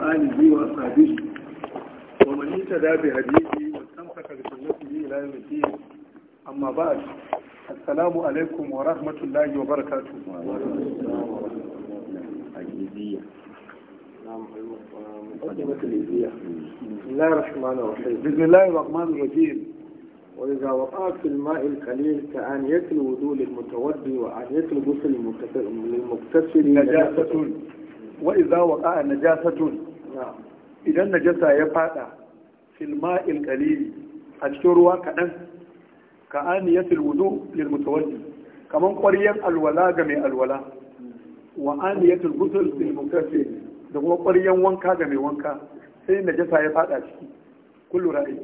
آله وأصحابه ومن اهتدى بهديه واستمسك بسنته إلى يوم الدين أما بعد السلام عليكم ورحمة الله وبركاته بسم الله الرحمن الرحيم بسم الله الرحمن الرحيم وإذا وقعت في الماء القليل كأنية الوضوء للمتودي وأنية الغسل للمغتسل نجاسة وإذا وقع نجاسة idan najasa ya fada filma ilkalili a cikin ruwa kaɗan ka aniyatul wudu lil mutawalli kaman ƙwaryan alwala ga mai alwala wa aniyatul ghusl lil mutasil da kuma ƙwaryan wanka ga mai wanka sai najasa ya fada ciki kullu ra'i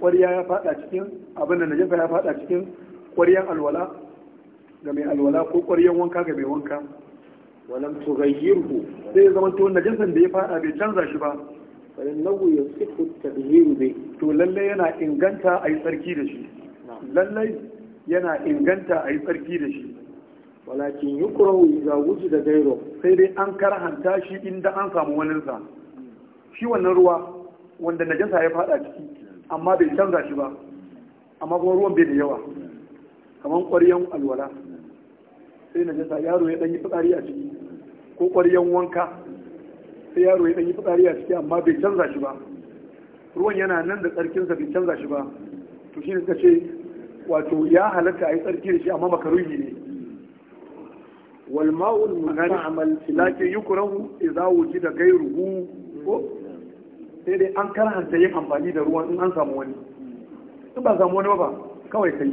ƙwarya ya fada cikin abin da najasa ya fada cikin ƙwaryan alwala ga mai alwala ko ƙwaryan wanka ga mai wanka ولم تغيره sai ya zama to najasan da ya fada bai canza shi ba falin nawu ya sifu tadhiru bi to lallai yana inganta yi tsarki da shi lalle yana inganta yi tsarki da shi walakin yukrahu idza wujida ghayru sai dai an karhanta shi inda an samu walinsa. shi wannan ruwa wanda najasa ya fada ciki amma bai canza shi ba amma kuma ruwan bai da yawa kamar ƙwaryan alwala sai najasa yaro ya ɗan yi fitsari a ciki ko yan wanka sai yaro ya ɗanyi fitsari a ciki amma bai canza shi ba ruwan yana nan da tsarkinsa bai canza shi ba to shi ne suka ce wato ya halatta a yi tsarki da shi amma makaruhi ne والماء المستعمل لكن يكره إذا وجد ko sai dai an karhanta yin amfani da ruwan in an samu wani in ba samu wani ba kawai kai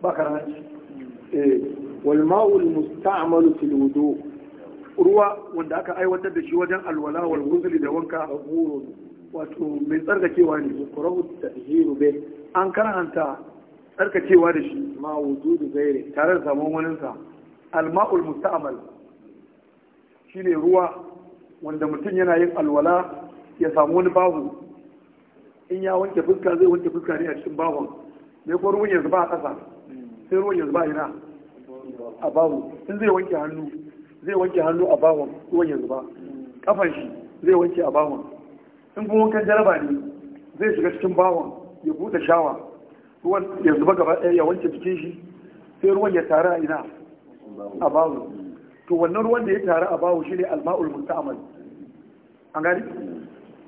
ba karhanci eh wal ma'ul musta'malu fil wudu ruwa wanda aka aiwatar da shi wajen alwala wal wuzuli da wanka wato mai tsarkakewa ne yukrahu tahiru bi an karanta tsarkakewa da shi ma wujudu Zaire, tare da samun wani sa alma'ul musta'mal shine ruwa wanda mutum yana yin alwala ya samu wani babu in ya wanke fuska zai wanke fuska ne a cikin babon ne ko ruwan ya zuba a ƙasa hmm. sai ruwan ya zuba ina a babu in zai wanke hannu zai wanke hannu a bawon ruwan yanzu ba kafan shi zai wanke a bawon in kuma wankan jaraba ne zai shiga cikin bawon ya bude shawa ruwan ya zuba gaba ya wanke cikin shi sai ruwan ya tara a ina a bawon to wannan ruwan da ya tara a bawon shine alma'ul musta'mal an gani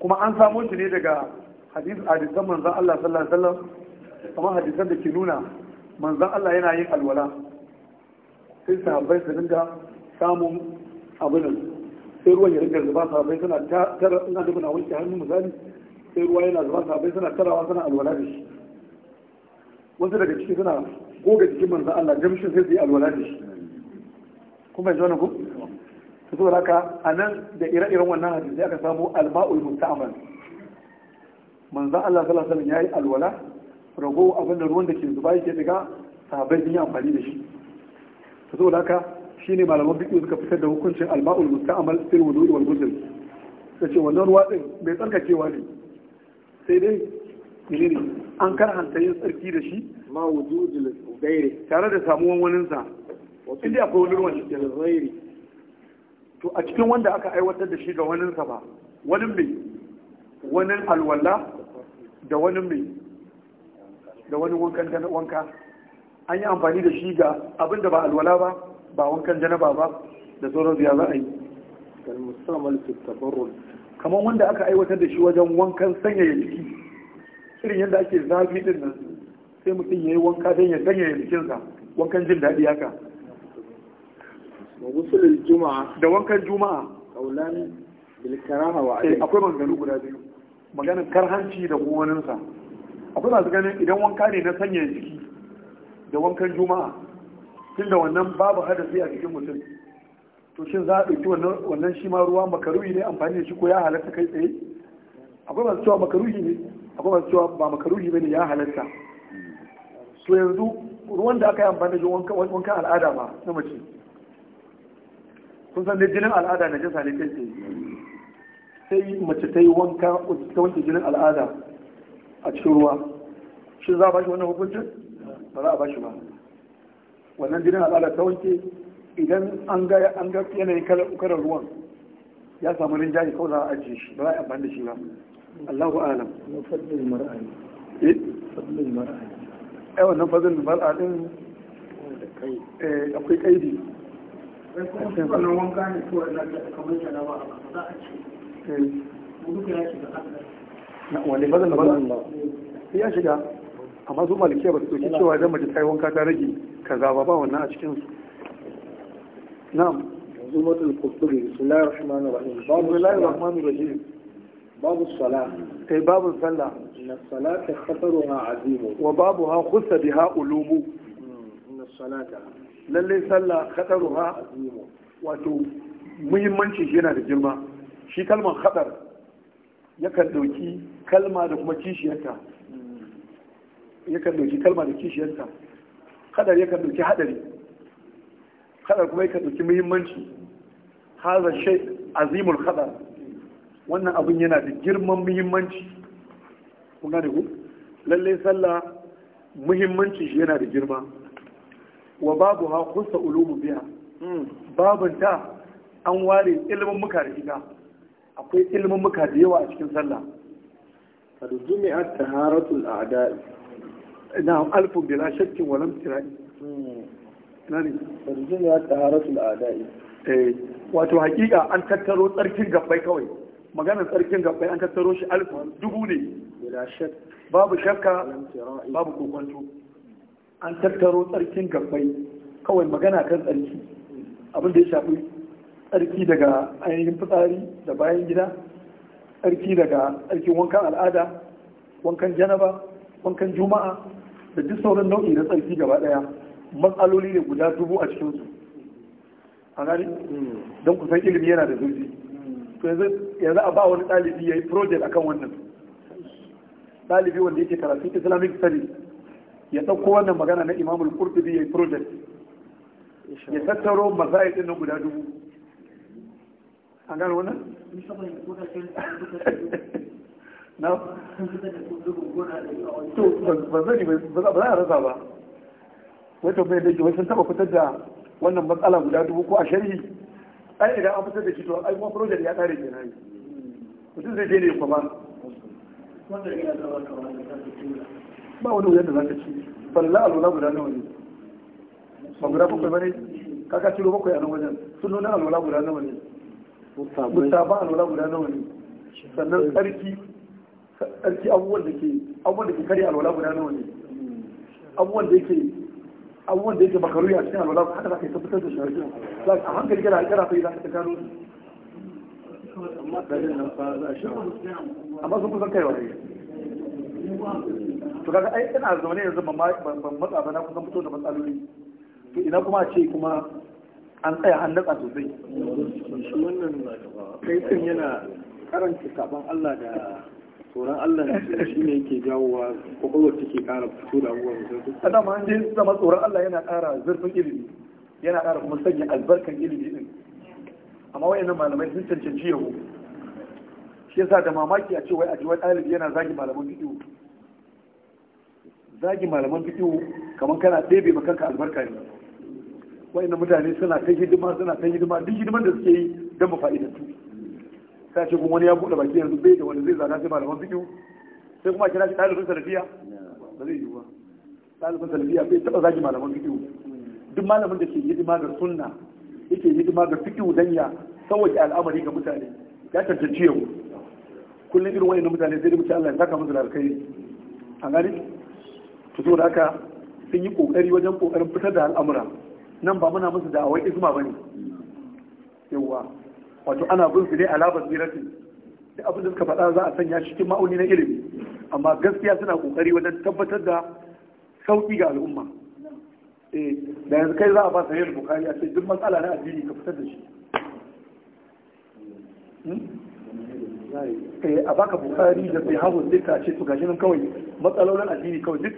kuma an samu shi ne daga hadis hadisan manzon Allah sallallahu alaihi wasallam kamar hadisan da ke nuna manzon Allah yana yin alwala sai sahabbai su dinga samun abinan sai ruwan ya rinka zuba sabai suna tara ina da na wanke hannu misali sai ruwa yana zuba sabai suna tarawa suna alwala da shi wasu daga ciki suna goga jikin manzan Allah jamshin sai su yi alwala da shi kuma yanzu wani ku su zuwa haka a nan da ire-iren wannan hadisi aka samu alma'ul musamman, manzan Allah sallallahu alaihi wasallam yayi alwala rago abin da ruwan da ke zuba yake daga sabai sun yi amfani da shi su zuwa haka Shi ne malaman bikin suka fitar da hukuncin alma'ul musta'mal fil wudu wal ghusl sace wannan ruwa din bai tsarkakewa ne sai dai menene an karhanta yin tsarki da shi ma dil ghairi tare da samuwan in inda akwai wani ruwan cikin to a cikin wanda aka aiwatar da shi ga sa ba wani mai wani alwala da wani mai da wani wankan wanka an yi amfani da shi ga abin da ba alwala ba ba wankan janaba ba da sauran ya za a yi kan musamman tabarrul kamar wanda aka aiwatar da shi wajen wankan sanyaya jiki irin yadda ake zafi din nan sai mutum ya yi wanka don ya sanyaya jikinsa wankan jin daɗi haka da wankan juma'a kaulan bil karaha wa eh, akwai maganganu guda biyu maganin karhanci da kowaninsa akwai masu ganin idan wanka ne na sanyaya jiki da wankan juma'a da wannan babu hadasi a jikin mutum to shin za a ɗauki wannan shi ma ruwa makaruhi ne amfani da shi ko ya halatta kai tsaye akwai masu cewa makaruhi ne akwai masu cewa ba makaruhi bane ya halatta to yanzu ruwan da aka yi amfani da shi wankan al'ada ma na mace kun san dai jinin al'ada na jinsa ne kai tsaye sai mace ta yi wanka ta wanke jinin al'ada a cikin ruwa shi za a ba shi wannan hukuncin ba za a ba shi ba wannan jinin al'ada ta wanke idan an ga an ga yanayin kalar ruwan ya samu rinjaye kawai za a ajiye shi ba a yi amfani da shi ba Allahu alam eh wannan mar'a din eh, akwai kaidi wani eh. mar'a ya shiga amma su malikiya ba su doki cewa idan mace ta yi wanka ta rage kaza ba ba wannan a cikin su na'am zuma tul kufuri bismillahir rahmanir rahim babu bismillahir rahmanir rahim babu salah eh babu sallah inna salata khasaruha azimu wa babuha khussa biha ulumu hmm, inna salata lalle sallah khasaruha azimu wato muhimmanci shi yana da girma shi kalmar khadar yakan dauki kalma da kuma kishiyarta yakan doki kalma da kishiyarsa kadar yakan doki hadari kadar kuma yakan doki muhimmanci hazan shai azimul kadar wannan abin yana da girman muhimmanci kun gane ku lallai sallah muhimmanci shi yana da girma wa babu ha kusa ulumu biya hmm. babin ta an ware ilimin muka da ita akwai ilimin muka da yawa a cikin sallah kad jumi'at taharatul a'da na'am alfun bila shakkin wa lam tirai hmm. ya taharatul a'da'i eh wato hakika an tattaro tsarkin gabbai kawai maganar tsarkin an tattaro shi alfun dubu ne babu shakka babu kokonto an tattaro tsarkin gabbai kawai magana kan tsarki abin da ya shafi tsarki daga ainihin fitsari da bayan gida tsarki daga tsarkin wankan al'ada wankan janaba kan juma'a da duk sauran nau'i na tsarki gaba daya matsaloli ne guda dubu a cikinsu a gani don kusan ilimi yana da zurfi to yanzu a ba wani ɗalibi ya yi project akan wannan ɗalibi wanda yake karatun islamic studies ya ɗauko wannan magana na imamul qurtubi ya yi project ya tattaro masail ɗin nan guda dubu A gani wannan na ba zani ba za a rasa ba wato mai da wasu taba fitar da wannan matsala guda dubu ko a sharhi ai idan an fitar da shi to ai kuma project ya kare ke yi mutum zai je ne kuma ba wani wuyar da za ka ci falla alwala guda nawa ne ba guda bakwai ba ne kaka ciro bakwai a nan wajen sun nuna alwala guda nawa ne mustafa alwala guda nawa ne sannan tsarki tsarki abubuwan da ke abubuwan da ke kare alwala guda nawa ne abubuwan da yake abubuwan da yake makaruhi a cikin alwala haka za ka yi tabbatar da shari'a za a hankali kana kana sai za ka gano amma sun kusan kaiwa ne to kaga ai ina zaune yanzu ban ban matsa ba na kusan fito da matsaloli to ina kuma ce kuma an tsaya an natsa sosai kai din yana karanta sabon Allah da tsoron Allah shi ne yake jawowa kwakwalwar take kara fito da abubuwa a dama an je zama tsoron Allah yana kara zurfin ilimi yana kara kuma sanya albarkan ilimi din amma wayannan malamai sun cancanci yau shi yasa da mamaki a ce wai wani ɗalibi yana zagi malaman fiƙiwo zagi malaman fiƙiwo kamar kana ɗebe ma kanka albarka ne wayannan mutane suna ta hidima suna ta hidima duk hidiman da suke yi don mu fa'idantu sai ce kuma wani ya buɗe baki yanzu bai da wani zai zana sai malaman fiƙiyu sai kuma kira shi ɗalibin salafiya ba zai yiwu ba ɗalibin salafiya bai taɓa zagi malaman fiƙiyu duk malamin da ke hidima ga sunna yake hidima ga fiƙiyu dan ya sauwaƙe al'amari ga mutane ya cancanci yau kullum irin wani mutane sai da Allah ya saka musu da alkhairi a gani to saboda haka sun yi kokari wajen kokarin fitar da al'amura nan ba muna musu da awai isma bane yawwa wato ana bin su ne labar basiratin da abin da suka faɗa za a sanya cikin ma'auni na ilimi amma gaskiya suna kokari wajen tabbatar da sauki ga al'umma eh, da yanzu kai za a ba sayar bukari a ce duk matsala na addini ka fitar da shi hmm? eh, a baka bukari da sai hawo sai ka ce su gashi nan kawai matsalolin addini kawai duk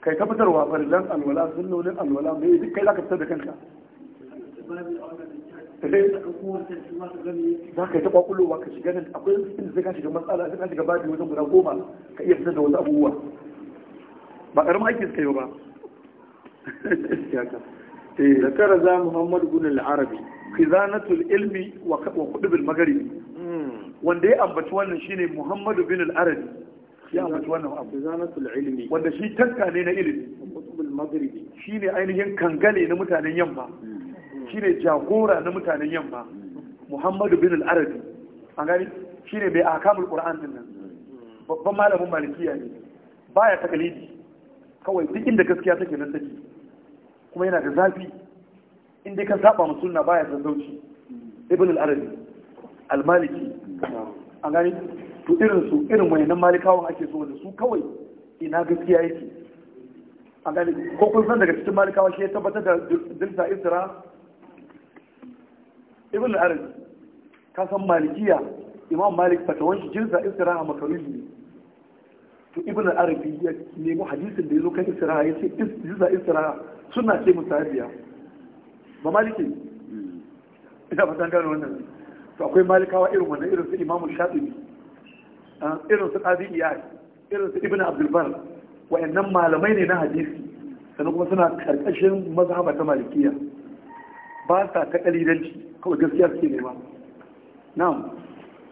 kai tabbatarwa fitarwa farillan alwala sunnonin alwala mai duk kai za ka fitar da kanka da kan za ka yi ta kwakulowa ka shiga nan akwai da zai ka shiga matsala zai ka shiga babi wajen guda goma ka iya fitar da wasu abubuwa ba ƙaramin aikin suka yi ba ذكر ذا محمد بن العربي خزانة wa وقطب magari. Hmm. wanda ya ambaci wannan shine Muhammadu bin al-Arabi ya ambaci wannan abu zanatul ilmi wanda shi tanka ne na ilimi Muhammadu magari. Maghribi shine ainihin kangale na mutanen yamma hmm. shine jagora na mutanen yamma muhammadu bin al-arabi an gani shine mai akamul qur'an din nan babban malamin malikiya ne baya takalidi kawai duk inda gaskiya take nan take kuma yana da zafi in dai ka saba mu sunna baya zauci ibn al-arabi al-maliki an gani to irin su irin wayannan malikawan ake so da su kawai ina gaskiya yake an gani ko kun san daga cikin malikawa shi ya tabbatar da dinsa isra ibn arabi ka san malikiya imam malik fatawan shi jinsa istiraha makaruhi ne to ibn arabi ya nemi hadisin da ya zo kan istiraha ya ce jinsa istiraha suna ce tabiya ba maliki ina fatan gano wannan to akwai malikawa irin wannan irin su imamu shafi'i irin su qadi iyad irin su ibn abdul bar wayannan malamai ne na hadisi sannan kuma suna karkashin mazhabata malikiya ba sa ta kalilanci kawai gaskiya suke nema na'am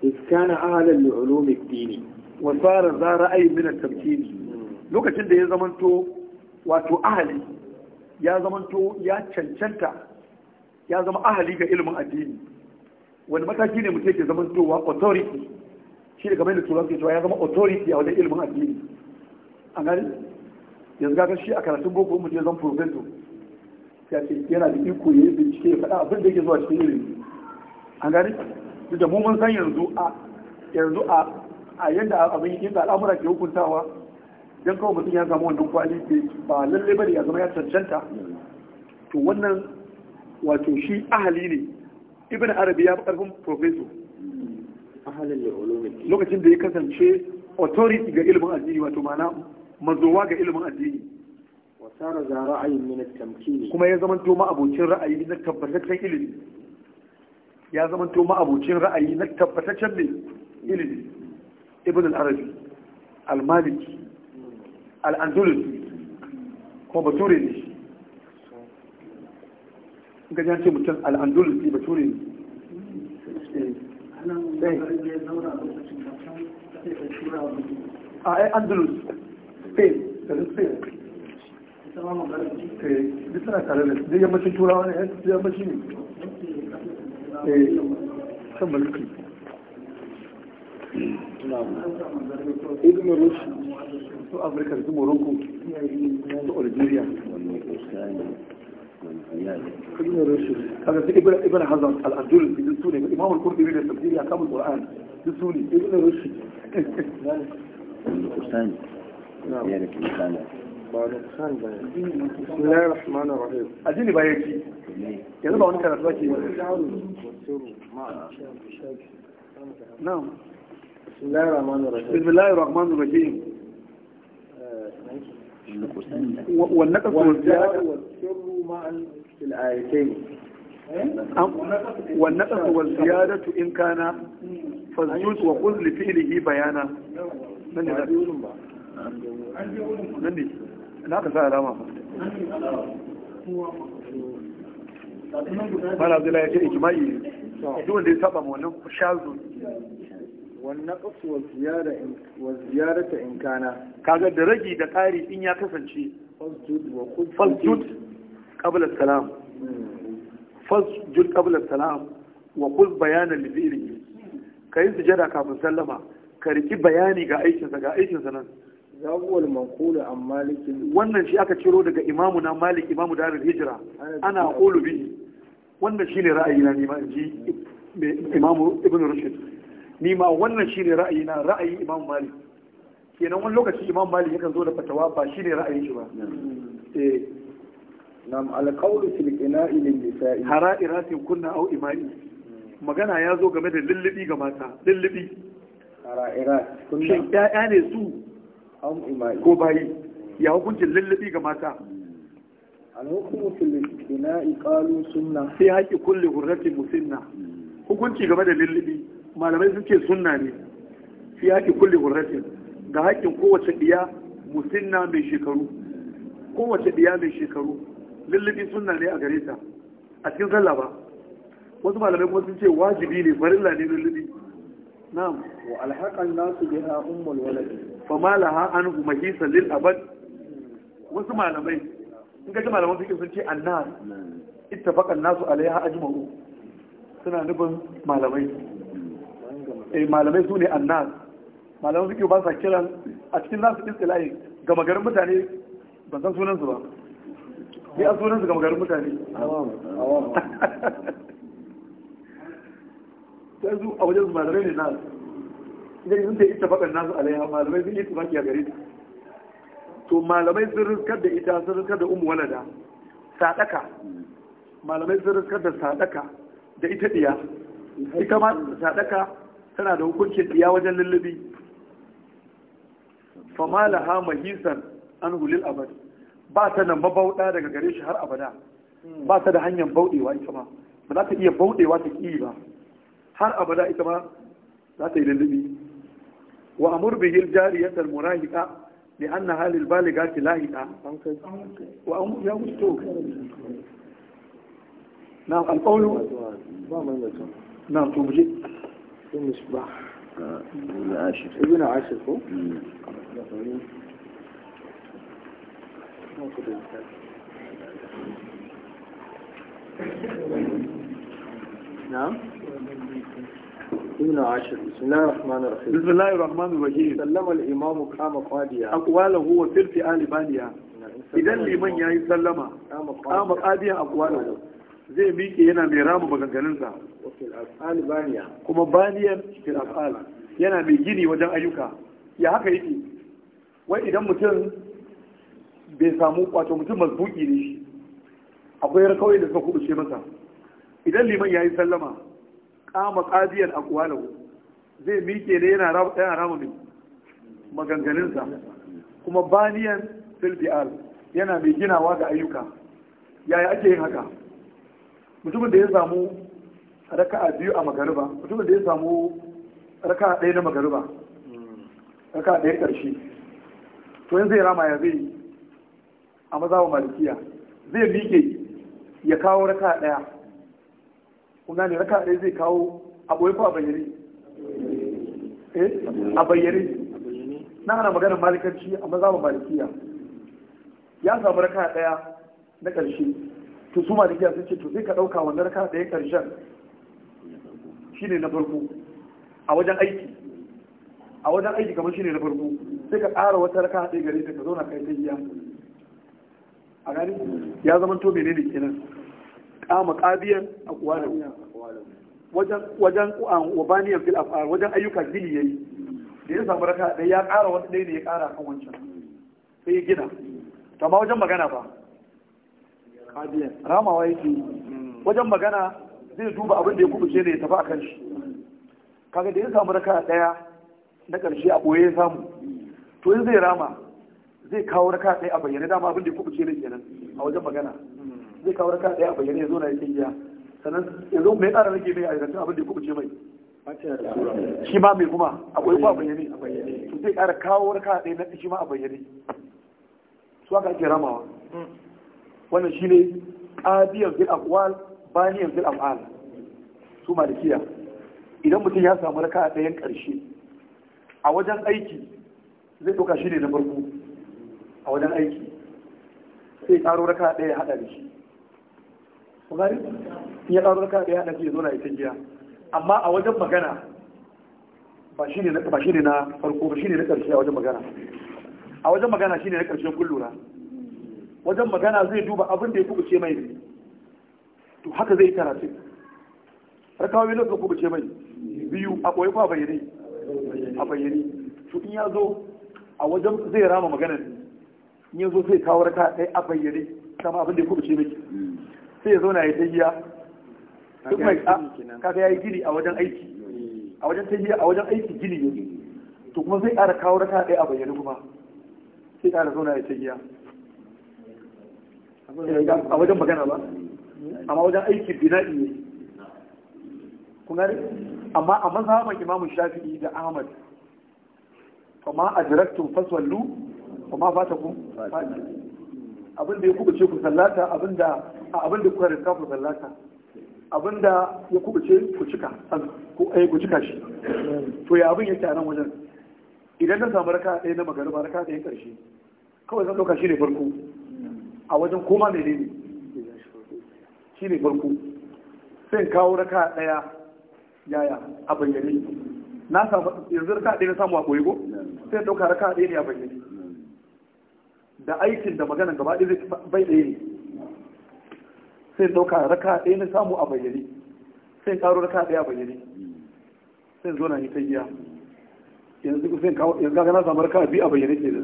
iskana ahalan li ulumi dini wa sara za ra'ayi min at-tamkini lokacin da ya zamanto wato ahali ya zamanto ya cancanta ya zama ahali ga ilimin addini wani mataki ne mutum yake zamantowa authority shi da kamar da turawa ke cewa ya zama authority a wajen ilimin addini a gani yanzu ga shi a karatun boko mutum ya zama professor ya ce yana da iko ya yi bincike ya faɗa abin da yake zuwa cikin ilimi an gani da mu mun san yanzu a yanzu a a yanda abin yadda al'amura ke hukuntawa dan kawai mutum ya samu wannan kwali ba lalle bane ya zama ya cancanta to wannan wato shi ahali ne ibn arabi ya karfin professor lokacin da ya kasance authority ga ilimin addini wato ma'ana mazowa ga ilimin addini sara za ra'ayin tamkini kuma ya zama ma'abocin ra'ayi na tabbataccen ilimi ya zama ma'abocin ra'ayi na tabbataccen ilimi ibn al-arabi al-maliki al kuma bature ne ga ce mutum al bature ne eh, a andalus spain da spain duk suna tare da duk yammacin turawa ne duk yammacin ne kan mulki ibn rush su afirka su morocco su algeria ibn rush kaga su ibn ibn hazan al-abdul bin sunni imam al-qurtubi da tafsiri akan al-qur'an duk sunni ibn rush na'am بسم الله الرحمن الرحيم والنقص والزيادة والسر معا الآيتين والنقص والزيادة إن كان فالزوج وقل لفعله بيانا من ذلك؟ من ذلك؟ na ka sa alama mara zila ya ce ikima'i duk wanda ya saba ma wannan shazu wannan kasuwar ziyara ta in kana kaga da ragi da ƙari in ya kasance fasjud qabla salam fasjud qabla salam wa kuz bayana lidiri kai sujada kafin sallama ka riki bayani ga aikinsa ga aikinsa nan zawul manqulu an malikin wannan shi aka ciro daga imamu na malik imamu harin hijra ana qulu bihi wannan ne ra'ayi na nima ji imamu ibn rushid Nima wannan shi ne ra'ayi na ra'ayi imamu malik kenan wani lokaci imam malik yakan zo da fatawa ba shi ne ra'ayin shi ba eh nam alqawlu fil ina'i lil nisa'i hara'iratin kunna au ima'i magana ya zo game da lullubi ga mata lullubi hara'irat kunna shin ƴaƴa ne su ko bayi ya hukuncin lallabi ga mata sai haƙi kulli hurratin musinna hukunci game da lallabi malamai sun ce sunna ne fi haƙi kulle hurrati. ga haƙin kowace ɗiya musinna mai shekaru kowace ɗiya mai shekaru lallabi sunna ne a gare ta a cikin sallah ba wasu malamai kuma sun ce wajibi ne farilla ne lallabi na'am wa alhaqan nasu biha ummul walad fa malaha an mahisa lil abad wasu malamai in ga malaman fikin sun ce annar ittafaqa an-nasu alaiha ajma'u suna nufin malamai eh malamai sune annas malaman fikin ba sa kiran a cikin nasu istilahi gama garin mutane ban san sunansu ba sai a sunan su gama garin mutane sai su a wajen su malamai ne nasu idan sun ta ita faɗin nasu alaiha malamai sun yi tufaki a gare ta to malamai sun riskar da ita sun riskar da umu walada sadaka malamai sun riskar da sadaka da ita diya ita ma sadaka tana da hukuncin diya wajen lullubi fama laha mahisan an hulil abad ba ta nan mabauɗa daga gare shi har abada ba ta da hanyar bauɗewa ita ma ba za ta iya bauɗewa ta ƙi ba har abada ita ma za ta yi lullubi وأمر به الجارية المراهقة لأنها للبالغات لاهقة وأمر يوم السوق نعم القول نعم توجد المصباح ابن عاشر ابن عاشر نعم ابن عاشر بسم الله الرحمن الرحيم بسم الله الرحمن الرحيم سلم الإمام قام قاديا أقواله وفي الفعال بانيا إذا لمن يهي سلم zai miƙe yana mai rama maganganunsa kuma baniyan fil af'al yana mai gini wajen ayyuka ya haka yake wai idan mutum bai samu kwato mutum mazbuki ne shi akwai rakawai da suka kubuce masa idan liman ya yi sallama kama qadiyan aqwalahu zai mike ne yana rama mai maganganunsa kuma baniyan fil yana mai ginawa ga ayyuka yaya ake yin haka mutumin da ya samu raka'a biyu a magariba mutumin da ya samu raka'a ɗaya na magariba raka'a ɗaya ƙarshe to yanzu ya rama ya zai yi a mazawa malikiya zai miƙe ya kawo raka'a ɗaya kuna ne raka ɗaya zai kawo a ɓoye ko a bayyane eh a bayyane na ana maganar malikanci a mazaba malikiya ya samu raka ɗaya na ƙarshe to su malikiya sun ce to sai ka ɗauka wannan raka ɗaya ƙarshen shi ne na farko a wajen aiki a wajen aiki kamar ne na farko sai ka ƙara wata raka ɗaya gare ta ka zauna kai ta iya a gani ya zama to menene kenan kama qadiyan aqwalahu wajen wajen um, wabaniyan fil afar wajen ayyukan ya yayi da ya samu raka da ya ƙara wani ɗaya ne ya ƙara kan wancan sai ya gina to ma wajen magana ba ramawa yake wajen magana zai duba abin da ya kubuce ne ya tafi a kan shi kaga da ya samu raka ɗaya na ƙarshe a ɓoye ya samu to in zai rama zai kawo raka ɗaya a bayyane dama abin da ya kubuce ne kenan a wajen magana zai kawo raka ɗaya a bayyane zo na yake giya sannan yanzu mai tsara rage mai a yanzu abin da kuma ce mai shi ma mai kuma akwai kuma a bayyane to zai ƙara kawo raka ɗaya na shi ma a bayyane su aka ake ramawa hmm. wannan shi ne ƙadiyar fil akwal baniyar fil af'al su malikiya idan mutum ya samu raka ɗayan ƙarshe a wajen aiki zai ɗauka shi ne na farko a wajen aiki sai ƙaro raka ɗaya haɗa da shi bari ya ƙaro ka da ya haɗa ya zo na ita amma a wajen magana ba shi ne na farko ba shi ne na ƙarshe a wajen magana a wajen magana shi ne na ƙarshen kullura wajen magana zai duba abin da ya kubuce mai ne to haka zai karatu yi lokacin kubuce mai biyu a ɓoye ko a bayyane a bayyane to in ya zo a wajen zai rama magana ne in ya zo zai kawo raka ɗaya a bayyane kama abin da ya kubuce mai sai ya zauna ya tahiya duk mai kaga yayi gini a wajen aiki eh. a wajen tahiya a wajen aiki gini ne to kuma zai ƙara kawo raka ɗaya a bayyane kuma sai ƙara zauna ya tahiya a wajen magana ba amma wajen aiki bina'i ne kuma amma a mazhaban imamu shafi'i da ahmad kuma adraktum faswallu kuma fatakum abin da ya kuka ce ku sallata abin da a abin da kuka rinka kafin sallata abin da ya kubuce ku cika ko ai eh, ku cika shi to ya abin yake a nan wajen idan na samu raka ɗaya na ba raka ɗaya ƙarshe kawai zan ɗauka shi ne farko a wajen koma ne ne shi ne farko sai kawo raka ɗaya yaya a bayyane na samu yanzu raka ɗaya na samu a ɓoye ko sai ɗauka raka ɗaya ne a bayyane da aikin da magana gaba ɗaya bai ɗaya ne sai dauka raka ɗaya na samu a bayyane sai karo raka ɗaya a bayyane sai zo na yi ta giya yanzu sai yanzu ga na samu raka biyu a bayyane ke da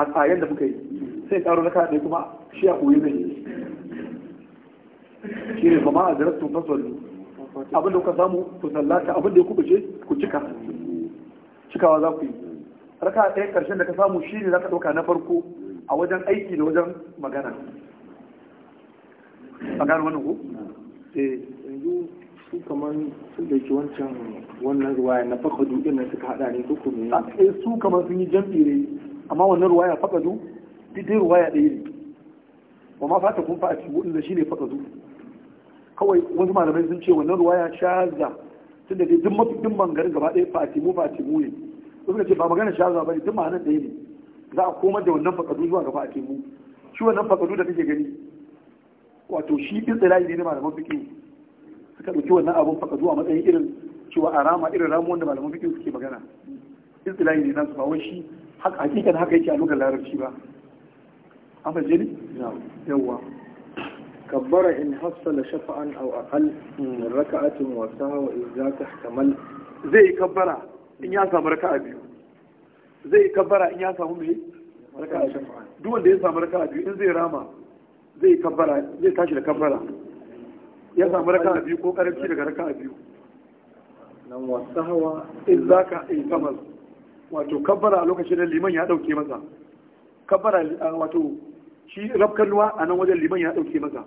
a tsayen da muka yi sai karo raka ɗaya kuma shi a koyi zai yi shi ne ba ma a zarar tun fasoli abin da kuka samu ku sallata abin da ya kubuce ku cika cikawa za ku yi raka ɗaya ƙarshen da ka samu shi ne za ka ɗauka na farko a wajen aiki da wajen magana a gano wannan ko eh, yanzu su kamar sun dauki wancan wannan ruwaya na fakadu ɗin suka haɗa ne ko kuma ah, eh, su kamar sun yi jam'i ne amma wannan ruwaya fakadu dai ruwaya ɗaya ne wa ma fata kun fa'a a cikin da shine fakadu kawai wasu malamai sun ce wannan ruwaya shaza tunda dai duk mafikin bangaren gaba ɗaya fatimu fatimu ne suka ce ba magana shaza ba ne duk ma'anar ɗaya ne za a komar da wannan fakadu zuwa gaba a mu shi wannan fakadu da kake gani wato shi bin tsirayi ne na malaman fiƙi suka ɗauki wannan abin faka zuwa matsayin irin cewa a rama irin ramuwan da malaman fiƙi suke magana bin tsirayi ne nasu ba wai shi hakikan haka yake a lokacin larabci ba an fahimce ne yawwa kabbara in hafsala shafa'an raka aqal min wasa wa in za ka kamal zai yi kabbara in ya samu raka'a biyu zai kabbara in ya samu me raka'a shafa'an duk ya samu raka'a biyu in zai rama zai kabbara zai tashi da kabbara ya samu raka a biyu ko karanci daga raka a biyu nan wasu hawa in za ka yi kamar wato kabbara a lokacin da liman ya dauke masa kabbara wato shi rafkanuwa a nan wajen liman ya dauke masa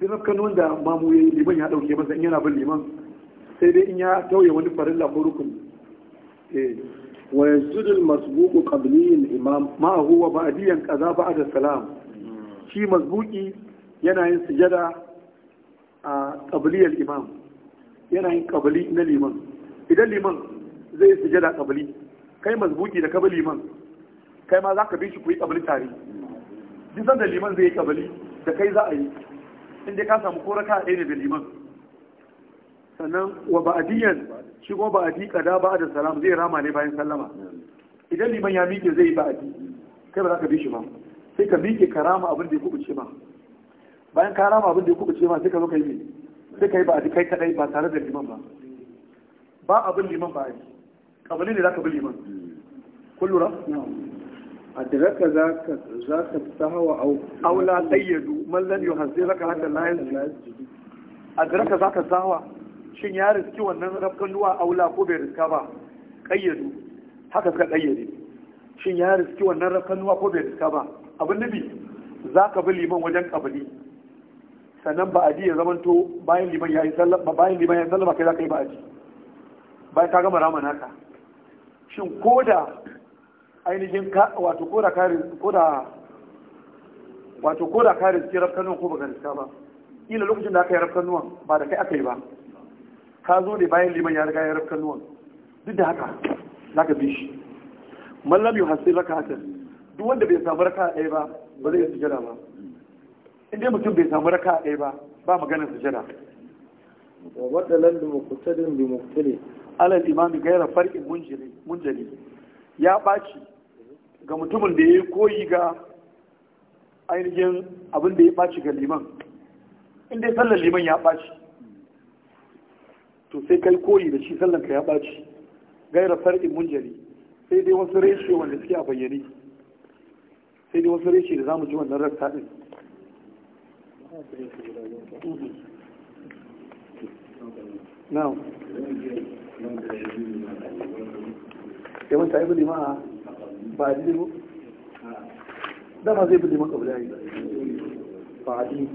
duk rafkanuwan da mamu ya liman ya dauke masa in yana bin liman sai dai in ya tauye wani farilla ko rukun eh. wa yasjudu al-masbuqu qabli al-imam ma huwa ba'diyan qaza ba'da salam shi mazbuki yana yin sujada a ƙabiliyar imam yana yin na liman idan liman zai yi sujada qabli kai mazbuki da kabali liman kai ma za ka bi shi ku yi qabli tare duk da liman zai yi qabli da kai za a yi inda ka samu kora ka ɗaya ne da liman sannan wa ba'diyan shi ko ba'di kada ba da salam zai rama ne bayan sallama idan liman ya miƙe zai yi ba'adi, kai ba za ka bi shi ba sai ka miƙe rama abin da ya kubuce ma bayan rama abin da ya kubuce ma sai ka zo ka yi sai ka yi ba a kai kadai ba tare da liman ba ba abin liman ba yi kabali ne za ka bi liman Kullum? lura a diraka za ka ta hawa aula tsayyadu mallan yau hanzu raka haka layan a diraka za ka ta hawa? shin ya riski wannan rafkan nuwa aula ko bai riska ba ƙayyadu haka suka ƙayyade shin ya riski wannan rafkan nuwa ko bai riska ba abin nufi za ka bi liman wajen kabili sannan ba ji ya zamanto bayan liman ya yi sallama bayan liman ya sallama kai za ka yi ba ji. bayan ka gama rama naka shin ko da ainihin wato ko da kare ko da wato ko ba kare ki rafkanuwan ko baka riska ba Ina lokacin da aka yi rafkanuwan ba da kai aka yi ba ka zo ne bayan liman ya riga ya rafkanuwan duk da haka za ka bi shi mallam yuhassir raka'atan duk wanda bai samu raka ɗaya ba ba zai yi sujada ba in dai mutum bai samu raka ɗaya ba ba maganar sujada wadalan da muktadin bi muktali alal imami gaira farqin munjiri munjali ya ɓaci ga mutumin da ya yi koyi ga ainihin abin da ya ɓaci ga liman in dai sallar liman ya ɓaci to sai kai koyi da shi sallar ka ya ɓaci gaira farqin munjali sai dai wasu reshe wanda suke a bayyane sai dai wasu reshe da za mu ji wannan rassa ɗin now ya manta yi bulima a ba a Da dama zai bulima ka bulayi yi ba a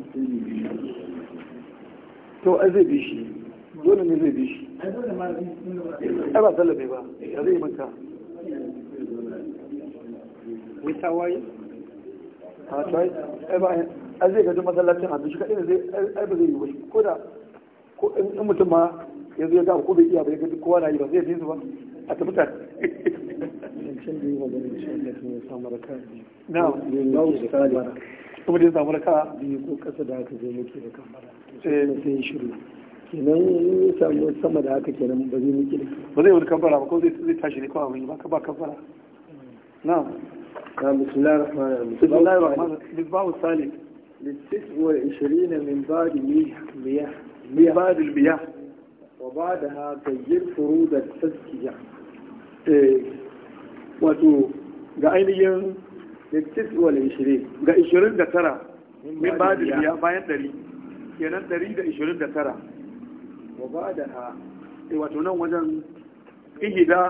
to ai zai bishi? dole ne zai bishi? A ai ba sallame ba ya zai manta wai tawaye a tsaye ai zai gaji masallacin hannu shi kaɗai ne zai ai ba zai yi wasu ko da ko in mutum ma ya zo ya ga ko bai iya ba ya gaji kowa na yi ba zai bi su ba a tafi tare na kuma da samu raka biyu ko ƙasa da haka zai muke da kammala eh. sai ya shiru kenan ya samu sama da haka kenan ba zai muke da ba zai wani kabbara ba ko zai tashi ne kawai ba ka ba kabbara na'am بسم الله الرحمن الرحيم بسم الله الرحمن الرحيم الباب الثالث للتسع والعشرين من بعد المياه من بعد المياه وبعدها غير فروض التزكية wato ga ainihin littis wal ishirin ga ishirin da tara min ba da biya bayan ɗari kenan ɗari da ishirin da tara wa ba da ha wato nan wajen ihida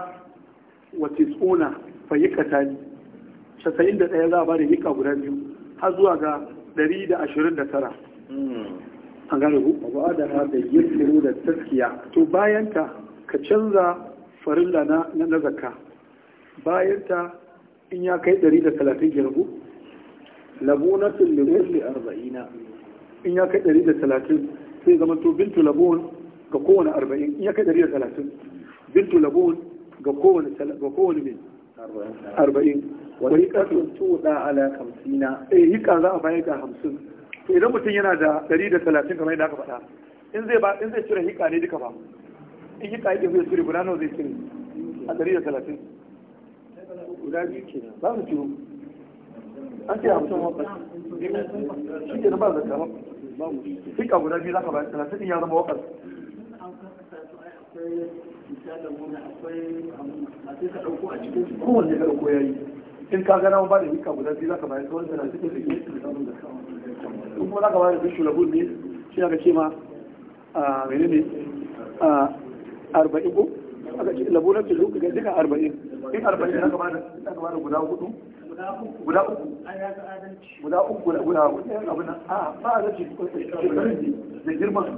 wa tis'una fayyikata ne casa'in da ɗaya za a ba da guda biyu har zuwa ga ɗari da ashirin da tara A gane ku ba da ha da da taskiya to bayan ta ka canza farilla na na zakka bayan ta in ya kai ɗari da talatin girgu labunatun da kulli arba'ina in ya kai ɗari da talatin sai zama to bintu labun ga kowane arba'in in ya kai ɗari da talatin bintu labun ga kowane ga kowane bin arba'in wani ƙasar tuɗa ala hamsina eh hika za a bayar da hamsin to idan mutum yana da ɗari da talatin kamar yadda aka faɗa in zai ba in zai cire yiƙa ne duka ba in hika yake zai cire guda nawa zai cire a ɗari da talatin guda biyu ke ba su ciro an ce hamsin wata shi ke ba zaka hika guda biyu za ka bayar talatin ya zama wakar kowanne ya in ka gana ba da guda biyu zaka bayar kawai da ke in kuma zaka bayar da ne shi aka ce ma a ne a arba'in ko aka ce na ga arba'in in arba'in zaka bayar guda hudu guda uku a ba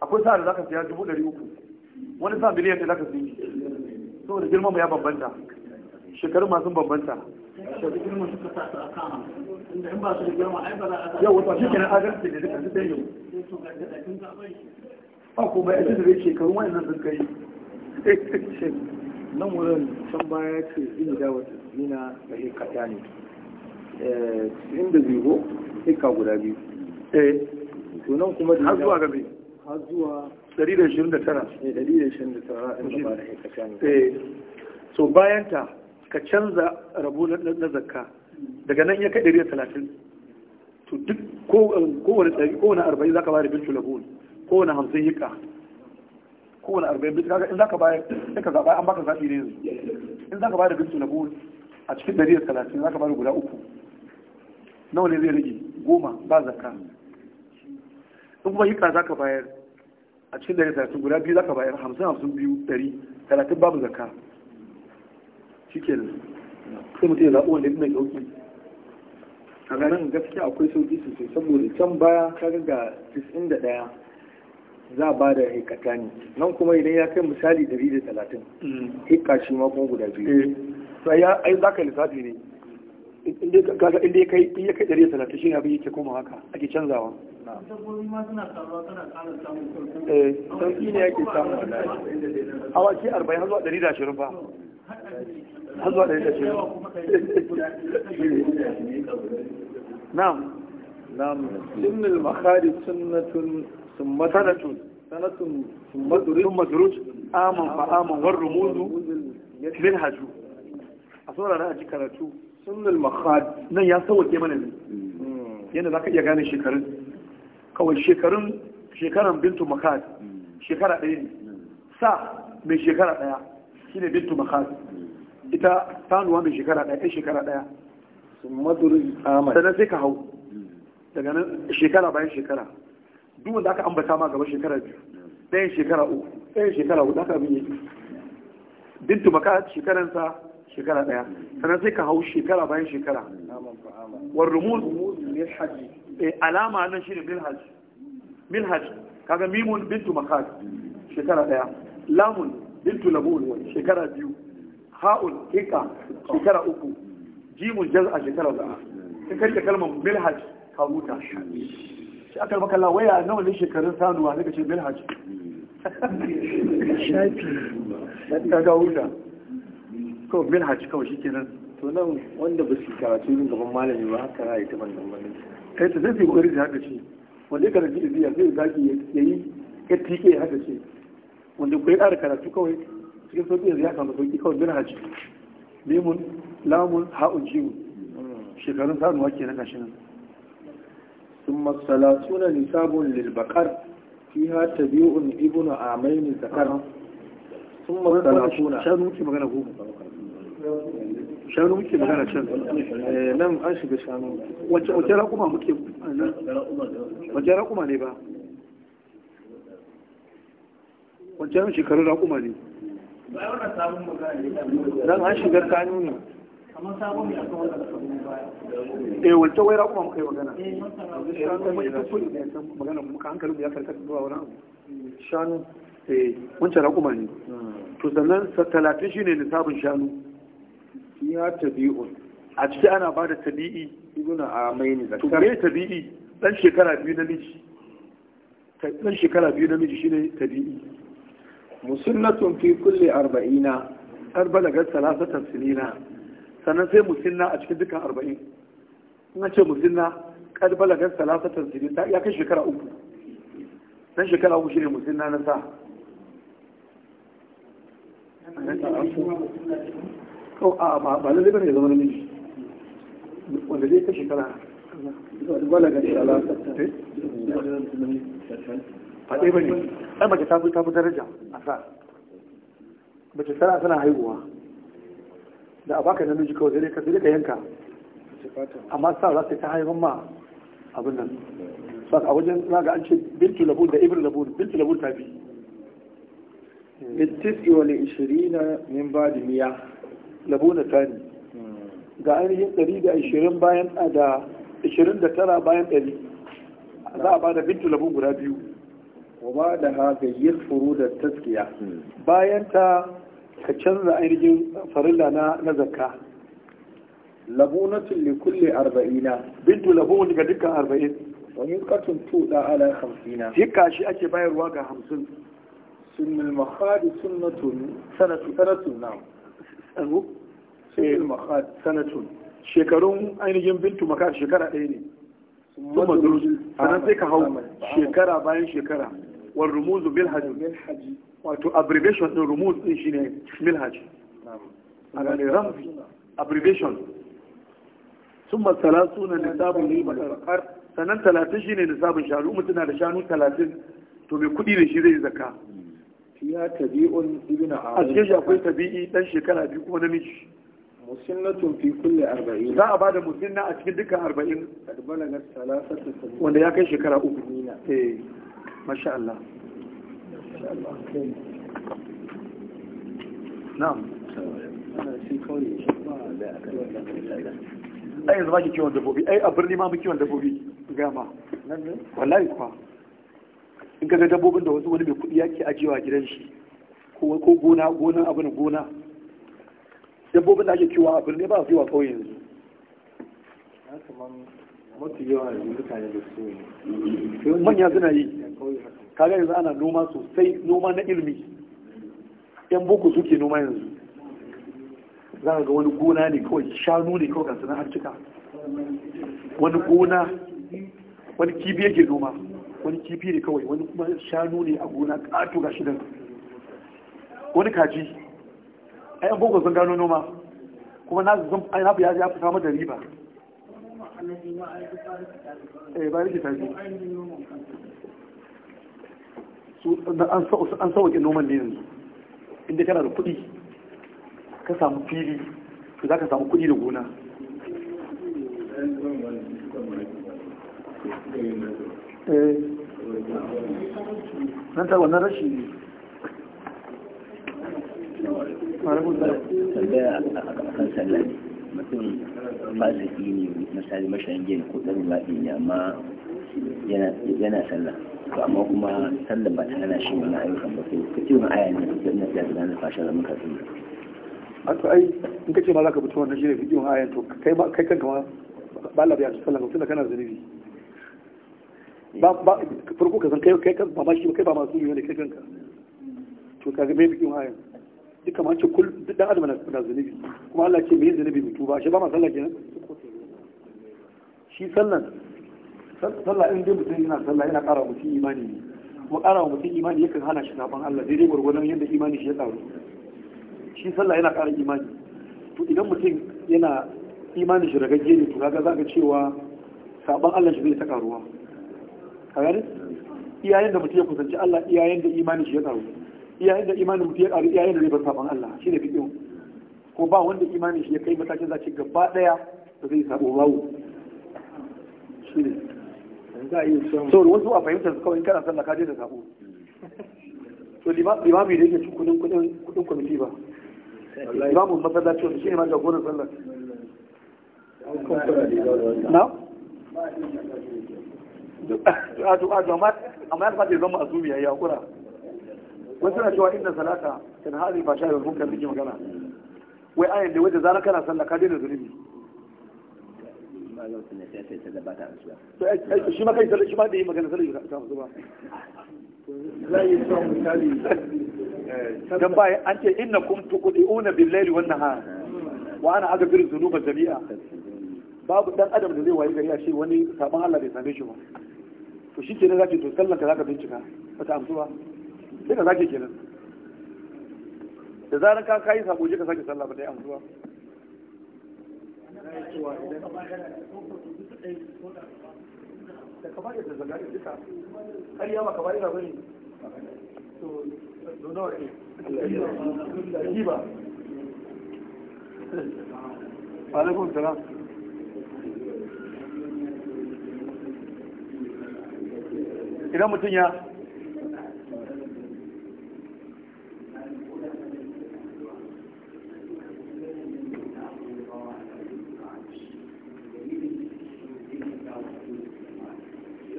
akwai sa'ar da zaka siya dubu ɗari uku wani sa miliyan ɗaya zaka siya saboda girman mu ya bambanta shekaru masu bambanta Shekaru yau wata shi kenan adalci ne duka duka yau eh, ba ko bai ajiyar da shekaru wa'annan sun kai nan wurin can baya ce ini da wata zina da heka ne cikin eh, da zigo heka guda biyu eh. to nan kuma har zuwa gabe har zuwa 129 eh, eh, so bayan ta ka canza rabu na zakka daga nan ya kai talatin, to duk eh, kowane tsari kowane arba'in za ka bayar bin shulabun kowane hamsin yika kowane arba'in bin kaga in za ka bayar in ka zaɓa an baka zaɓi ne yanzu in za ka bayar bin shulabun a cikin ɗari da talatin za ka bayar guda uku nawa ne zai rage goma ba zakka in kuma yika za ka bayar a cikin ɗari talatin guda biyu zaka bayar hamsin hamsin biyu ɗari talatin babu zakka shi ke nan sai mutum ya zaɓi wanda mai ɗauki. a ganin gaskiya akwai sauƙi sosai saboda can baya ka ga tisin da ɗaya za a ba da hikata ne nan kuma idan ya kai misali ɗari da talatin mm. hikka shi ma kuma guda biyu eh. to ai za ka lissafi ne kaga inda ya kai in ya kai ɗari talatin shi abin yake koma haka ake canzawa eh sauki ne yake samu awaki arba'in har zuwa ɗari da ashirin ba. har zuwa ɗari da ashirin na'am na'am sunnul makhari sunnatun summatanatun sanatun summaduruj aman fa aman war rumuzu min haju a saurara a ji karatu sunnul makhad nan ya sauke mana ne Yana za ka iya gane shekarun kawai shekarun shekaran bintu makhad shekara ɗaya ne sa mai shekara ɗaya shine bintu makhad ita sanuwa mai shekara ɗaya ɗan shekara ɗaya sannan sai ka hau daga nan shekara bayan shekara duk wanda aka ambata ma gaba shekara biyu ɗayan shekara uku ɗayan shekara hudu aka bin yi bintu makhad shekaransa shekara daya sannan sai ka hau shekara bayan shekara war rumuz eh, alama nan shine milhaj milhaj kaga mimun bintu makhaj shekara daya lamun bintu labun shekara biyu ha'ul hika shekara uku jimun jaz'a shekara uku in karke kalmar milhaj ka huta shi aka maka la waya nawa ne shekarun sanuwa daga ce milhaj shafi ta ka huta kawai bin haji kawai shi kenan to nan wanda ba su karatu yin gaban malami ba haka a yi ta bannan bannan kai ta zai sai kokari da haka ce wanda ya karatu biya zai zaki ya yi ya tike haka ce wanda ku ya ƙara karatu kawai cikin sauƙi yanzu ya samu sauƙi kawai bin haji limun lamun ha'un jiwu shekarun sanuwa wake na gashi nan ثم الثلاثون نساب للبقر فيها تبيع ابن عامين ذكر ثم الثلاثون شنو كي magana goma shanu muke magana can eh, nan an shiga shanu wace raƙuma muke nan wace raƙuma ne ba wancan shekarun raƙuma ne nan an shigar kanu ne eh wace wai raƙuma muka yi magana magana muka hankalin ya karkata zuwa wani abu shanu eh wancan raƙuma ne to sannan talatin shi shine sabon shanu ya tabi'un a ciki ana ba da tabi'i ibn amaini zakar to me tabi'i dan shekara biyu namiji dan shekara biyu namiji shine tabi'i musunnatun fi kulli arba'ina har balagar salasatan sinina sannan sai musinna a cikin dukkan arba'in in ce musinna kad balagar salasatan sinina ya kai shekara uku dan shekara uku shine musinna na sa kawai a ba lalle bane ya zama namiji wanda zai ta shekara ga ai mace ta fi daraja a sa mace tana tana haihuwa da a baka namiji kawai ka ka yanka amma sa za ta ta ma abin nan a wajen an ce bintu da bintu ta fi labona tani ga ainihin 120 bayan da 29 bayan 100 za a ba da bintu labon guda biyu Kuma da ha yi furu da taskiya bayan ta ka canza ainihin farilla na na zakka labonatun li kulle arba'ina. bintu labon ga dukkan arba'in. wani katon tuɗa ala hamsina. jika shi ake bayarwa ga hamsin sunnul mahadi sunnatun sanatu sanatun na'am sanatun shekarun ainihin bintu maka shekara ɗaya ne sun a nan sai ka hau shekara bayan shekara wal rumuzu milhaji wato abbreviation din rumuz din shine milhaji a ga ne ramfi abbreviation sun masala suna nisabin ne bakar sannan talatin shine nisabin shanu mutum na da shanu talatin to mai kuɗi da shi zai zaka fiya tabi'un a cikin tabi'i dan shekara biyu kuma namiji musinnatun fi kulli arba'in za a bada musinna a cikin dukkan arba'in wanda ya kai shekara uku eh yanzu ba ki kiwon dabbobi ai a birni ma mu kiwon dabbobi gama wallahi in ka ga dabbobin da wasu wani mai kudi yake ajiyewa gidan shi ko ko gona gona abin gona dabbobin da ake kiwa abin ne ba su yi wa kawai yanzu mafi yawa mutane da su manya suna yi kaga yanzu ana noma sosai noma na ilimi yan boko suke noma yanzu za a ga wani gona ne kawai shanu ne kawai gasu na cika wani gona wani kibi yake noma wani kifi ne kawai wani kuma shanu ne a gona ƙato ga shidan wani kaji ai an gogon sun gano noma kuma na zan ai na biya ya fi samar da riba eh ba rike tafi su an sa an sauke noman ne yanzu inda kana da kuɗi ka samu fili to za ka samu kuɗi da gona eh nan ta wannan rashi ne tambaya a mutum ne misali mashayin gini ko ɗan zaɓi ne amma yana sallah to amma kuma sallah ba ta hana shi wani ayyukan ba sai ka ce wani aya ne da ina fiya tunanin fashe da muka sun a to ai in ka ce ma za ka fito wannan shi ne fiye wani ayan to kai kanka ma ba lafiya su sallah ba tunda kana zunubi farko ka san kai kai ba ma shi kai ba masu yi ne kai kanka to kaga mai bikin haya duka ma ce kul duk dan adam na zunubi kuma Allah ce mai zunubi mutu ba shi ba ma sallah kenan shi sallan sallah in dai mutum yana sallah yana ƙara mutum imani ne kuma ƙara wa mutum imani yakan hana shi saban Allah dai dai gurgurun yadda imani shi ya ƙaru shi sallah yana ƙara imani to idan mutum yana imani shi ragagge ne to kaga zaka cewa saban Allah shi zai ta ƙaruwa a gani iyayen da mutum ya kusanci Allah iyayen da imanin shi ya karu iyayen da imanin mutum ya karu iyayen da zai bar sabon Allah shi ne fiƙin ko ba wanda imanin shi ya kai matakin zace gaba ɗaya da zai sabo bawo shi ne so wasu a fahimtar su kawai kana sallah ka je da sabo to limami da yake cikin kudin kudin kwamiti ba limamin masallacin wanda shi ne ma jagoran sallah na du'a du'a amma amma ya kamata ya zama azumi yayi hakura wasu na cewa inda salata in hali ba sha yanzu kan nake magana wai ayan da wajen zarar kana sallah ka daina zunubi shi ma kai sallah shi ma da yi magana sallah ta musu ba zai yi son misali dan baya an ce innakum tuqdiuna bil-laili wan-nahar wa ana aghfiru dhunuba jami'a babu dan adam da zai wayi gari a ce wani sabon Allah bai same shi ba to shi kenan zaki to sallan ka zaka bincika ba ta amsu ba sai ka zaki kenan da zarar ka kai sako je ka sake sallah ba dai amsu ba da ka bayar da zagari duka har yawa ka bayar da bane to nawa ne ba alaikum salam idan mutum ya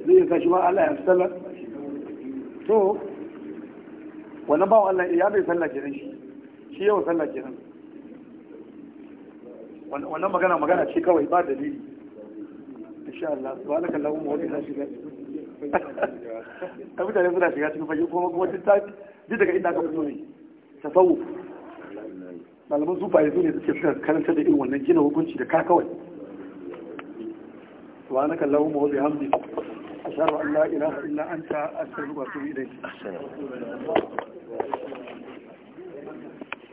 zai ka shi ba Allah ya sallar to wani ba Allah ya bai sallar kenan shi shi yawan sallar kenan wannan magana magana ce kawai ba dalili insha Allah wa alaka lahum wa bihamdika ta mutane suna shiga cikin fage kuma kuma duk daga inda aka fito ne tasawuf malaman zubaye su ne suke suka karanta da irin wannan gina hukunci da ka kawai سبحانك اللهم وبحمدك أشهد أن لا إله إلا أنت أستغفرك وأتوب إليك